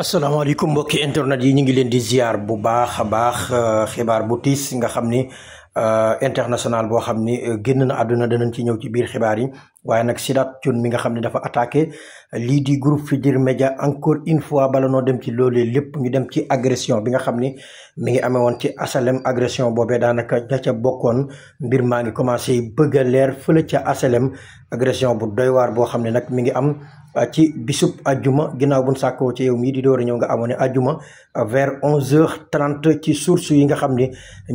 asalaamaaleykum mbokki internet yi ñu ngi leen di ziar bu baax a baax euh, xibaar bu tiis nga xam ni euh, international boo xam ni euh, génn na àdduna danañ ci ñëw ci biir xibaar yi waaye nag Sidath Thioune mi nga xam ne dafa attaqué lii di groupe Futurs Médias encore une fois bala noo dem ci loolee lépp ñu dem ci agression bi nga xam ni mi ngi amee woon ci asalem agression boobee daanaka ña ca bokkoon mbir maa ngi commencé bëgg a leer fële ca asalem agression bu doy waar boo xam ne nag mi ngi am. Euh, ci a juma ginnaaw bu sàkkoo ci yow mii di door a ñëw nga amoon ne ajjuma euh, vers onze heures trente ci source yi nga xam ni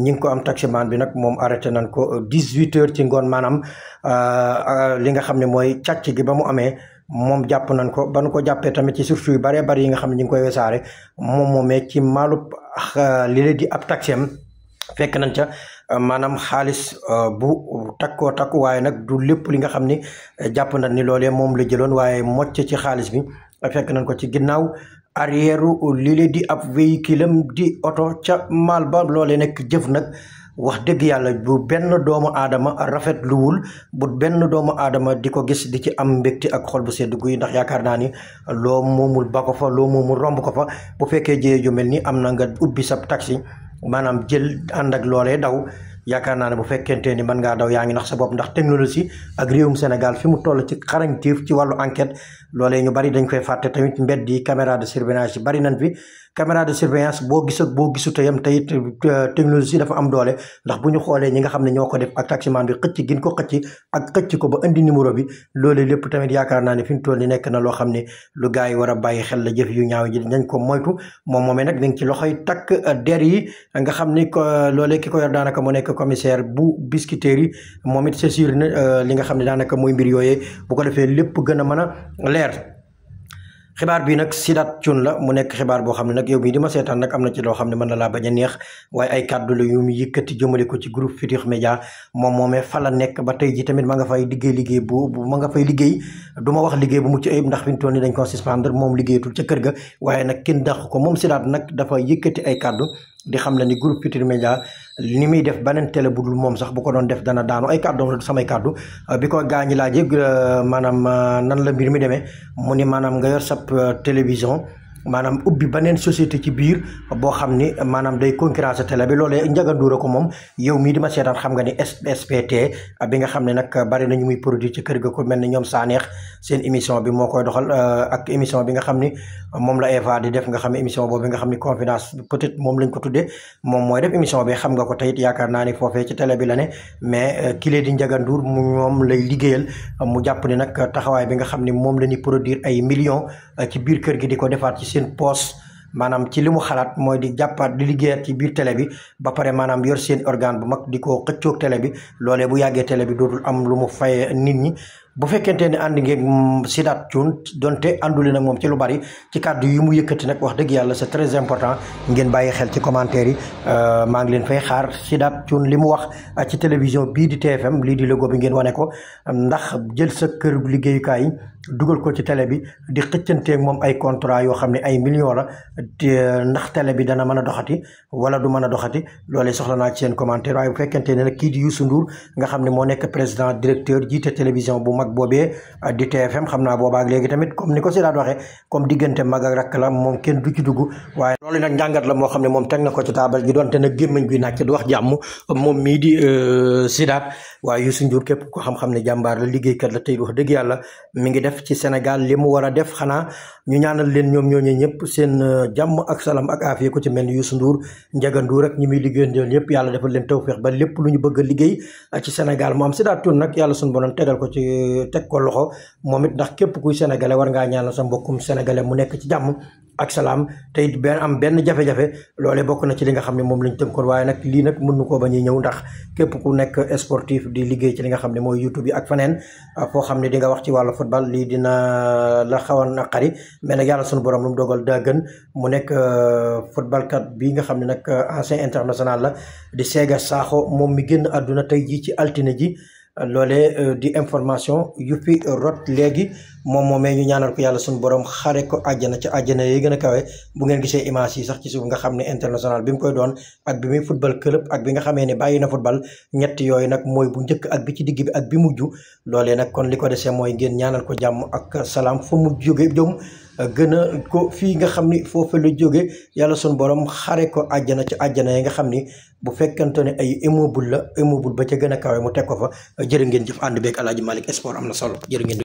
ñi ngi ko am taximan bi nag moom arrêté nañ ko euh, dix-huit heures ci ngoon maanaam li nga xam ne mooy càcc gi ba mu amee moom jàpp nañ ko ba nu ko jàppee tamit ci source yu baree bari yi nga xam ne ñi ngi koy wesaare moom moomee ci maalub li la di ab taxem fekk nañ ca maanaam xaalis euh, bu takkoo takku waaye nag du lépp li nga xam ni euh, jàpp na ni loole moom la jëloon waaye mocc ci xaalis bi fekk nañ ko ci ginnaaw arrière lile di ab véhicule am di oto ca maal ba loolee nekk jëf nag wax dëgg yàlla bu benn doomu aadama rafet luwul bu benn doomu aadama di ko gis di ci am mbégte ak xol bu sedd guy ndax yaakaar naa ni loo moomul ba ko fa loo moomul romb ko fa bu fekkee jëye ju mel ni am na nga ubbi sab taxi maanaam jël ànd ak loolee daw yaakaar naa ne bu fekkente ni mën ngaa daw yaa ngi nax sa bopp ndax technologie ak réewum Sénégal fi mu toll ci xarañteef ci wàllu enquête loolee ñu boo gis ak boo gisut yam tey euh, dafa am doole ndax bu ñu xoolee ñi nga xam ne ñoo ko def ak taximan bi xëcc gin ko xëcc ak xëcc ko ba indi numéro bi loolee lépp tamit yaakaar naa ne fi mu toll ni nekk na loo xam ne lu gars yi war a bàyyi xel la jëf yu ñaaw ji dañ ko moytu moom moomee nag dañ ci loxoy takk der yi nga xam ni loolee ki ko yor daanaka mu nekk commissaire bu Biscuiterie yi moom it saisir na euh, li nga xam ne daanaka mooy mbir yooyee bu ko defee lépp gën a mën a leer xibaar bi nag Sidath Thioune la mu nekk xibaar boo xam ne nag yow mii ma seetaan nag am na ci loo xam ne mën na laa bañ a neex waaye ay kàddu la yu mu yëkkati jëmale ko ci groupe Futurs Médias moom moomee la nekk ba tey ji tamit ma nga fay liggéey liggéey bu ma nga fay liggéey du ma wax liggéey bu mucc ayib ndax fi mu toll nii dañ ko suspendre moom liggéeyatul ca kër ga waaye nag kenn dàq ko moom Sidath nag dafa yëkkati ay kàddu di xam ne ni groupe Futurs Médias ni muy def beneen télé bu moom sax bu ko doon def dana daano ay kàddoom la samay kàddu euh, bi ko gaa ñi laajee euh, maanaam euh, nan la mbir mi demee mu ni maanaam nga yor sab télévision maanaam ubbi beneen société ci biir boo xam ni maanaam day concurrence télé bi loolee njëganduura ko moom yow mii di ma seetaan xam nga ni SPT bi nga xam ne nag bari nañu muy produit ci kër ga ko mel ne ñoom saaneex seen émission bi moo koy doxal euh, ak émission bi nga xam ni moom la Eva di def nga xam ne émission boobu nga xam ni confidence peut-être moom lañ ko tuddee moom mooy def émission bi xam nga ko teyit yaakaar naa ni ci télé bi la ne mais euh, kii di njaganduur mu moom lay liggéeyal mu jàpp ni nag taxawaay bi nga xam ni moom la ñuy produire ay millions Euh, ci biir kër gi di ko defaat ci seen poste maanaam ci li mu xalaat mooy di jàppaat di liggéeyaat ci biir télé bi ba pare maanaam yor seen organe bu mag di ko xëccoog télé bi loolee bu yàggee télé bi dootul am lu mu fayee nit ñi bu fekkente ne ànd ngeen Sidath Thioune donte àndule nag moom ci lu bari ci kàddu yi mu yëkkati nag wax dëgg yàlla c'est très important ngeen bàyyi xel ci commentaire yi euh, maa ngi leen fay xaar Sidath Thioune li mu wax euh, ci télévision bii di TFM lii di logo bi ngeen wane ko ndax jël sa kër liggéeyukaay dugal ko ci télé bi di xëccanteeg moom ay contrat yoo xam ne ay millions la euh, ndax télé bi dana mën a doxati wala du mën a doxati loolee soxla naa ci seen commentaire waaye bu fekkente ne nag kii di Youssou nga xam ne moo nekk président directeur jiite télévision bu mag mag boobee ah, di TFM xam naa boobaak léegi tamit comme ni ko si daan diggante mag ak la moom kenn du ci waaye loolu nag njàngat la moo xam moom teg na ko ci taabal gi doonte nag gémmañ bi nàcc du wax jàmm moom euh, képp ko xam-xam ne jàmbaar la liggéeykat la tey wax dëgg yàlla mi ngi def ci Sénégal li mu war a def xanaa ñu ñaanal leen ñoom ñooñu ñëpp seen euh, jàmm ak salam ak aafiya ku ci mel ni Youssou Ndour Ndiaga Ndour ak ñi muy liggéeyandoo yëpp yàlla defal leen tawféex ba lépp lu ñu bëgg a liggéey ah, ci Sénégal mu am Sidaat Thioune nag yàlla suñu tegal ko ci teg ko loxo moom it ndax képp kuy sénégalais war ngaa ñaanal sa mbokkum sénégalais mu nekk ci jàmm ak salaam te it benn am benn jafe-jafe loolee bokk na ci li nga xam ne moom lañ tënkoon waaye nag lii nag mën nu koo bañ a ñëw ndax képp ku nekk sportif di liggéey ci li nga xam ne mooy youtube yi ak faneen ah, foo xam ne di nga wax ci wàllu football lii dina ah, la xawan naqari mais nag yàlla sunu borom lu mu dogal daa gën mu nekk ah, football kat bi nga xam ne nag ancien international la di Sega Sakho moom mi génn àdduna tey jii ci altine ji loole euh, di information yu fi rot léegi moom moom moomee ñu ñaanal ko yàlla suñu borom xare ko àjjana ca àjjana yi gën a kawe bu ngeen gisee image yi sax ci suuf nga xam ne international bi mu koy doon ak bi muy football club ak bi nga xamee ne bàyyi na football ñett yooyu nag mooy bu njëkk ak bi ci digg bi ak bi mujj loolee nag kon li ko desee mooy ngeen ñaanal ko jàmm ak salaam fa mu jóge jom gën a ko fii nga xam ni foofu la jóge yàlla suñu borom xare ko àjjana ca àjjana yi nga xam ni bu fekkente ne ay immeuble la immeuble ba ca gën a kawe mu teg ko fa jërë ngeen jëf ànd beeg ma Malick sport am na solo jërë ngeen